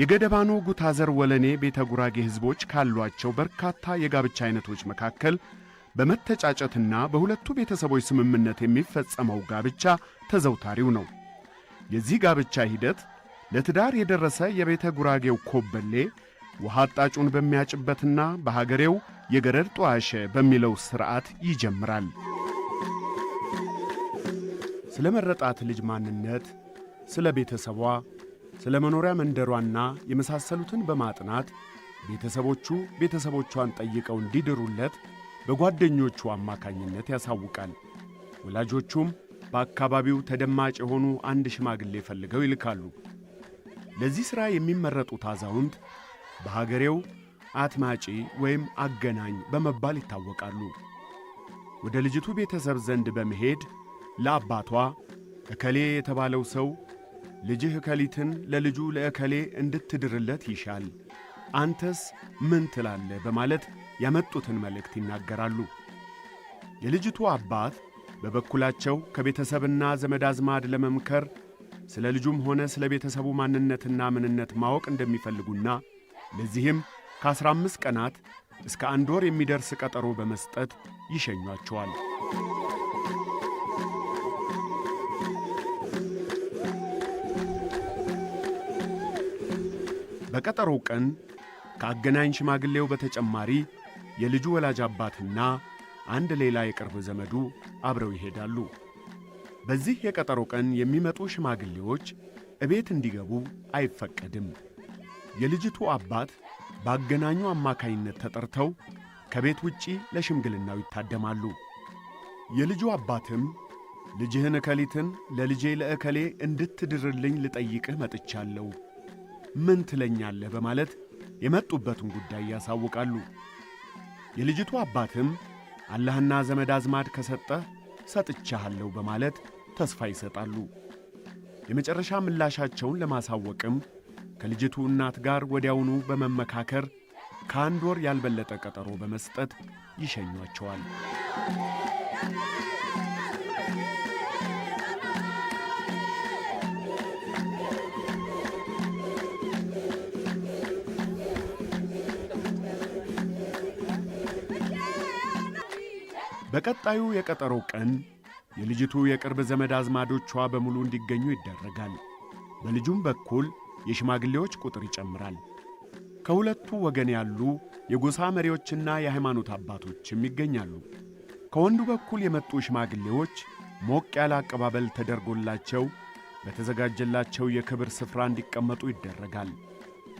የገደባኑ ጉታዘር ወለኔ ቤተ ጉራጌ ሕዝቦች ካሏቸው በርካታ የጋብቻ አይነቶች መካከል በመተጫጨትና በሁለቱ ቤተሰቦች ስምምነት የሚፈጸመው ጋብቻ ተዘውታሪው ነው። የዚህ ጋብቻ ሂደት ለትዳር የደረሰ የቤተ ጉራጌው ኮበሌ ውሃ አጣጩን በሚያጭበትና በሀገሬው የገረድ ጠዋሸ በሚለው ሥርዓት ይጀምራል። ስለ መረጣት ልጅ ማንነት፣ ስለ ቤተሰቧ ስለ መኖሪያ መንደሯና የመሳሰሉትን በማጥናት ቤተሰቦቹ ቤተሰቦቿን ጠይቀው እንዲድሩለት በጓደኞቹ አማካኝነት ያሳውቃል። ወላጆቹም በአካባቢው ተደማጭ የሆኑ አንድ ሽማግሌ ፈልገው ይልካሉ። ለዚህ ሥራ የሚመረጡት አዛውንት በሀገሬው አትማጪ ወይም አገናኝ በመባል ይታወቃሉ። ወደ ልጅቱ ቤተሰብ ዘንድ በመሄድ ለአባቷ እከሌ የተባለው ሰው ልጅህ እከሊትን ለልጁ ለእከሌ እንድትድርለት ይሻል፣ አንተስ ምን ትላለህ? በማለት ያመጡትን መልእክት ይናገራሉ። የልጅቱ አባት በበኩላቸው ከቤተሰብና ዘመድ አዝማድ ለመምከር ስለ ልጁም ሆነ ስለ ቤተሰቡ ማንነትና ምንነት ማወቅ እንደሚፈልጉና ለዚህም ከአሥራ አምስት ቀናት እስከ አንድ ወር የሚደርስ ቀጠሮ በመስጠት ይሸኟቸዋል። በቀጠሮው ቀን ከአገናኝ ሽማግሌው በተጨማሪ የልጁ ወላጅ አባትና አንድ ሌላ የቅርብ ዘመዱ አብረው ይሄዳሉ። በዚህ የቀጠሮ ቀን የሚመጡ ሽማግሌዎች እቤት እንዲገቡ አይፈቀድም። የልጅቱ አባት በአገናኙ አማካይነት ተጠርተው ከቤት ውጪ ለሽምግልናው ይታደማሉ። የልጁ አባትም ልጅህን እከሊትን ለልጄ ለእከሌ እንድትድርልኝ ልጠይቅህ መጥቻለሁ ምን ትለኛለህ በማለት የመጡበትን ጉዳይ ያሳውቃሉ። የልጅቱ አባትም አላህና ዘመድ አዝማድ ከሰጠህ ሰጥቻሃለሁ በማለት ተስፋ ይሰጣሉ። የመጨረሻ ምላሻቸውን ለማሳወቅም ከልጅቱ እናት ጋር ወዲያውኑ በመመካከር ከአንድ ወር ያልበለጠ ቀጠሮ በመስጠት ይሸኟቸዋል። በቀጣዩ የቀጠሮ ቀን የልጅቱ የቅርብ ዘመድ አዝማዶቿ በሙሉ እንዲገኙ ይደረጋል። በልጁም በኩል የሽማግሌዎች ቁጥር ይጨምራል። ከሁለቱ ወገን ያሉ የጎሳ መሪዎችና የሃይማኖት አባቶችም ይገኛሉ። ከወንዱ በኩል የመጡ ሽማግሌዎች ሞቅ ያለ አቀባበል ተደርጎላቸው በተዘጋጀላቸው የክብር ስፍራ እንዲቀመጡ ይደረጋል።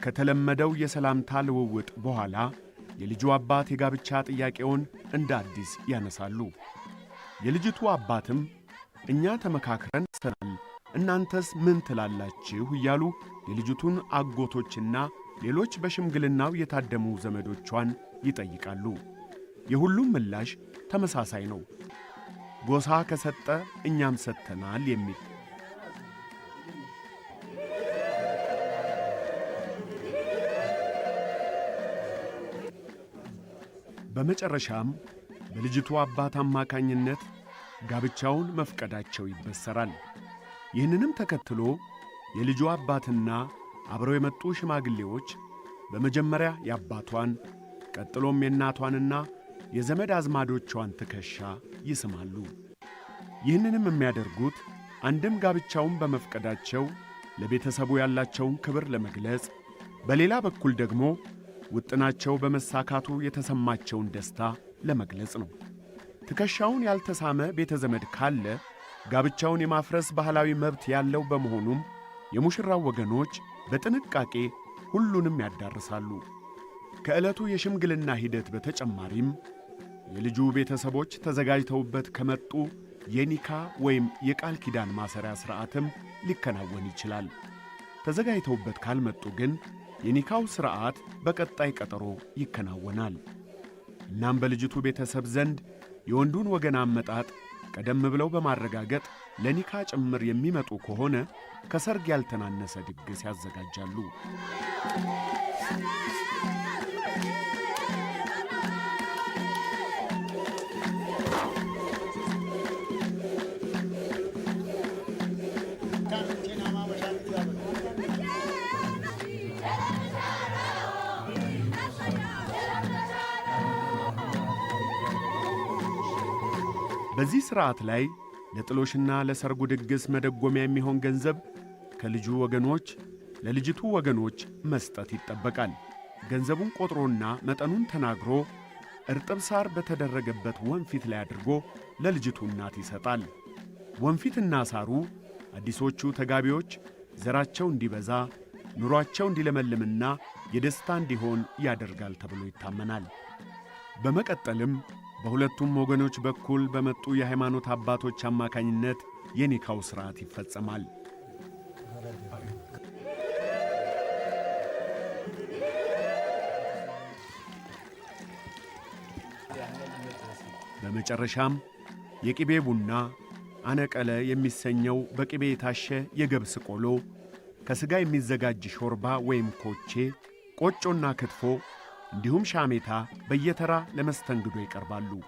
ከተለመደው የሰላምታ ልውውጥ በኋላ የልጁ አባት የጋብቻ ጥያቄውን እንደ አዲስ ያነሳሉ። የልጅቱ አባትም እኛ ተመካክረን ሰናል፣ እናንተስ ምን ትላላችሁ? እያሉ የልጅቱን አጎቶችና ሌሎች በሽምግልናው የታደሙ ዘመዶቿን ይጠይቃሉ። የሁሉም ምላሽ ተመሳሳይ ነው። ጎሳ ከሰጠ እኛም ሰጥተናል የሚል በመጨረሻም በልጅቱ አባት አማካኝነት ጋብቻውን መፍቀዳቸው ይበሰራል። ይህንንም ተከትሎ የልጁ አባትና አብረው የመጡ ሽማግሌዎች በመጀመሪያ የአባቷን ቀጥሎም የእናቷንና የዘመድ አዝማዶቿን ትከሻ ይስማሉ። ይህንንም የሚያደርጉት አንድም ጋብቻውን በመፍቀዳቸው ለቤተሰቡ ያላቸውን ክብር ለመግለጽ፣ በሌላ በኩል ደግሞ ውጥናቸው በመሳካቱ የተሰማቸውን ደስታ ለመግለጽ ነው። ትከሻውን ያልተሳመ ቤተ ዘመድ ካለ ጋብቻውን የማፍረስ ባህላዊ መብት ያለው በመሆኑም የሙሽራው ወገኖች በጥንቃቄ ሁሉንም ያዳርሳሉ። ከዕለቱ የሽምግልና ሂደት በተጨማሪም የልጁ ቤተሰቦች ተዘጋጅተውበት ከመጡ የኒካ ወይም የቃል ኪዳን ማሰሪያ ሥርዓትም ሊከናወን ይችላል። ተዘጋጅተውበት ካልመጡ ግን የኒካው ሥርዓት በቀጣይ ቀጠሮ ይከናወናል። እናም በልጅቱ ቤተሰብ ዘንድ የወንዱን ወገን አመጣጥ ቀደም ብለው በማረጋገጥ ለኒካ ጭምር የሚመጡ ከሆነ ከሰርግ ያልተናነሰ ድግስ ያዘጋጃሉ። በዚህ ሥርዓት ላይ ለጥሎሽና ለሰርጉ ድግስ መደጎሚያ የሚሆን ገንዘብ ከልጁ ወገኖች ለልጅቱ ወገኖች መስጠት ይጠበቃል። ገንዘቡን ቆጥሮና መጠኑን ተናግሮ እርጥብ ሳር በተደረገበት ወንፊት ላይ አድርጎ ለልጅቱ እናት ይሰጣል። ወንፊትና ሳሩ አዲሶቹ ተጋቢዎች ዘራቸው እንዲበዛ ኑሯቸው እንዲለመልምና የደስታ እንዲሆን ያደርጋል ተብሎ ይታመናል። በመቀጠልም በሁለቱም ወገኖች በኩል በመጡ የሃይማኖት አባቶች አማካኝነት የኒካው ሥርዓት ይፈጸማል። በመጨረሻም የቅቤ ቡና አነቀለ የሚሰኘው በቅቤ የታሸ የገብስ ቆሎ፣ ከሥጋ የሚዘጋጅ ሾርባ ወይም ኮቼ፣ ቆጮና ክትፎ እንዲሁም ሻሜታ በየተራ ለመስተንግዶ ይቀርባሉ።